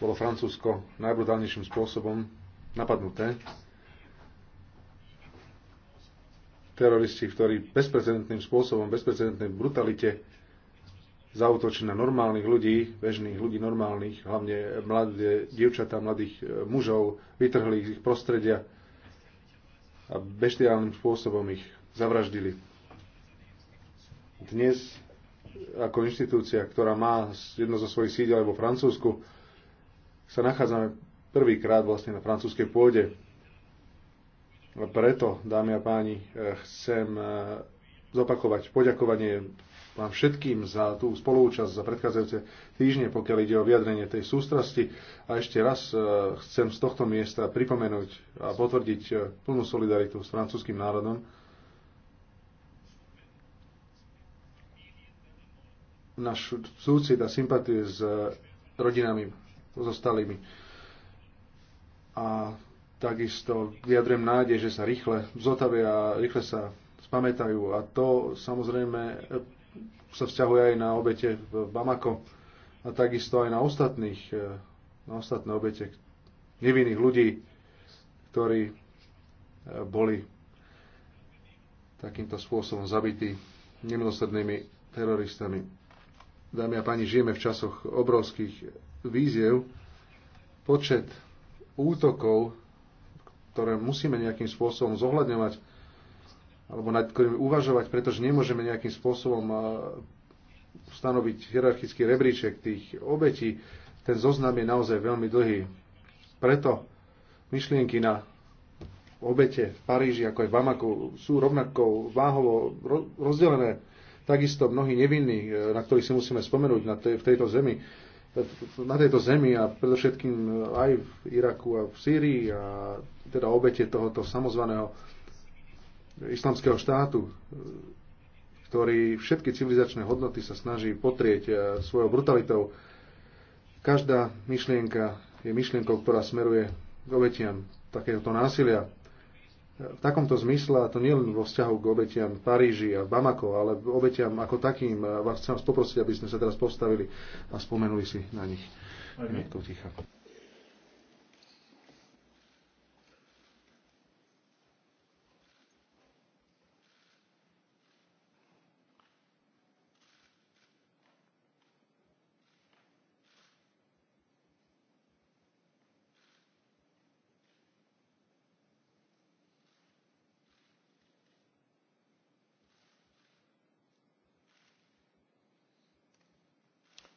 bolo Francúzsko najbrutálnejším spôsobom napadnuté. Teroristi, ktorí bezprecedentným spôsobom, bezprecedentnej brutalite zautočili na normálnych ľudí, bežných ľudí normálnych, hlavne mladé dievčatá, mladých e, mužov, vytrhli ich z ich prostredia a beštiálnym spôsobom ich zavraždili. Dnes ako inštitúcia, ktorá má jedno zo svojich sídel vo Francúzsku, sa nachádzame prvýkrát vlastne na francúzskej pôde. Preto, dámy a páni, eh, chcem eh, zopakovať poďakovanie vám všetkým za tú spolúčasť za predchádzajúce týždne, pokiaľ ide o vyjadrenie tej sústrasti. A ešte raz eh, chcem z tohto miesta pripomenúť a potvrdiť plnú solidaritu s francúzským národom. Náš súcit a sympatie s rodinami so A takisto vyjadrem nádej, že sa rýchle zotavia a rýchle sa spamätajú. A to samozrejme e, sa vzťahuje aj na obete v Bamako a takisto aj na ostatných, e, na ostatné obete nevinných ľudí, ktorí e, boli takýmto spôsobom zabití nemilosrdnými teroristami. Dámy a páni, žijeme v časoch obrovských víziev. Počet útokov, ktoré musíme nejakým spôsobom zohľadňovať, alebo nad ktorými uvažovať, pretože nemôžeme nejakým spôsobom stanoviť hierarchický rebríček tých obetí. Ten zoznam je naozaj veľmi dlhý. Preto myšlienky na obete v Paríži, ako aj v Bamaku, sú rovnako váhovo rozdelené. Takisto mnohí nevinní, e, na ktorých si musíme spomenúť na tej, v tejto zemi, na tejto zemi a predovšetkým e, aj v Iraku a v Sýrii a teda obete tohoto samozvaného islamského štátu, e, ktorý všetky civilizačné hodnoty sa snaží potrieť svojou brutalitou. Každá myšlienka je myšlienkou, ktorá smeruje k obetiam takéhoto násilia v takomto zmysle, a to nie len vo vzťahu k obetiam v Paríži a v Bamako, ale obetiam ako takým, e, vás chcem vás poprosiť, aby sme sa teraz postavili a spomenuli si na nich minútkou ticha.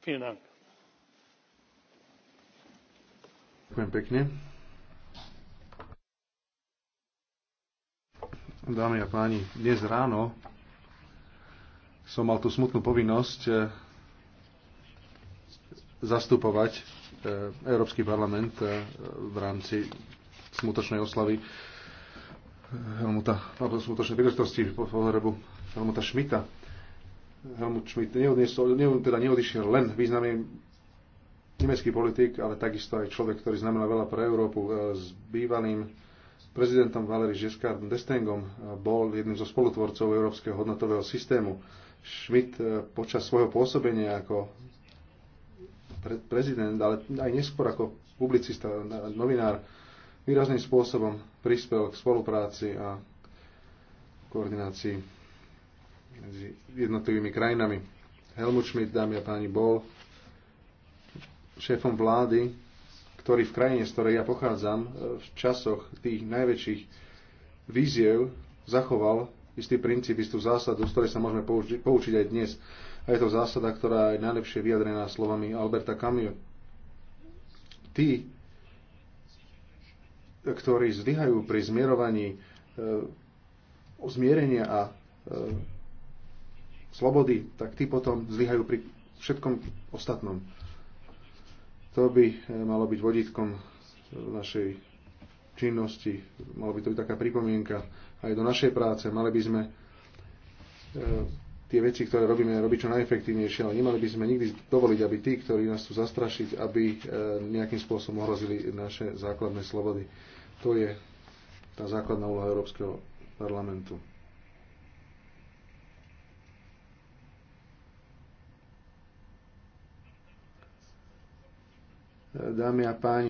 Ďakujem pekne. Dámy a páni, dnes ráno som mal tú smutnú povinnosť eh, zastupovať eh, Európsky parlament eh, v rámci smutočnej oslavy Helmuta, alebo smutočnej príležitosti po pohrebu Helmuta Šmita, Helmut Schmidt neodnesol, ne, teda neodišiel len významný nemecký politik, ale takisto aj človek, ktorý znamená veľa pre Európu. E, s bývalým prezidentom Valery Žeskard Destengom e, bol jedným zo spolutvorcov Európskeho hodnotového systému. Schmidt e, počas svojho pôsobenia ako prezident, ale aj neskôr ako publicista, novinár, výrazným spôsobom prispel k spolupráci a koordinácii medzi jednotlivými krajinami. Helmut Schmidt, dámy a páni, bol šéfom vlády, ktorý v krajine, z ktorej ja pochádzam, e, v časoch tých najväčších víziev zachoval istý princíp, istú zásadu, z ktorej sa môžeme pouči- poučiť aj dnes. A je to zásada, ktorá je najlepšie vyjadrená slovami Alberta Camus. Tí, ktorí zlyhajú pri zmierovaní e, zmierenia a e, slobody, tak tí potom zlyhajú pri všetkom ostatnom. To by eh, malo byť vodítkom eh, našej činnosti, malo by to byť taká pripomienka aj do našej práce. Mali by sme eh, tie veci, ktoré robíme, robiť čo najefektívnejšie, ale nemali by sme nikdy dovoliť, aby tí, ktorí nás chcú zastrašiť, aby nejakým spôsobom ohrozili naše základné slobody. To je tá základná úloha Európskeho parlamentu. Dámy a páni,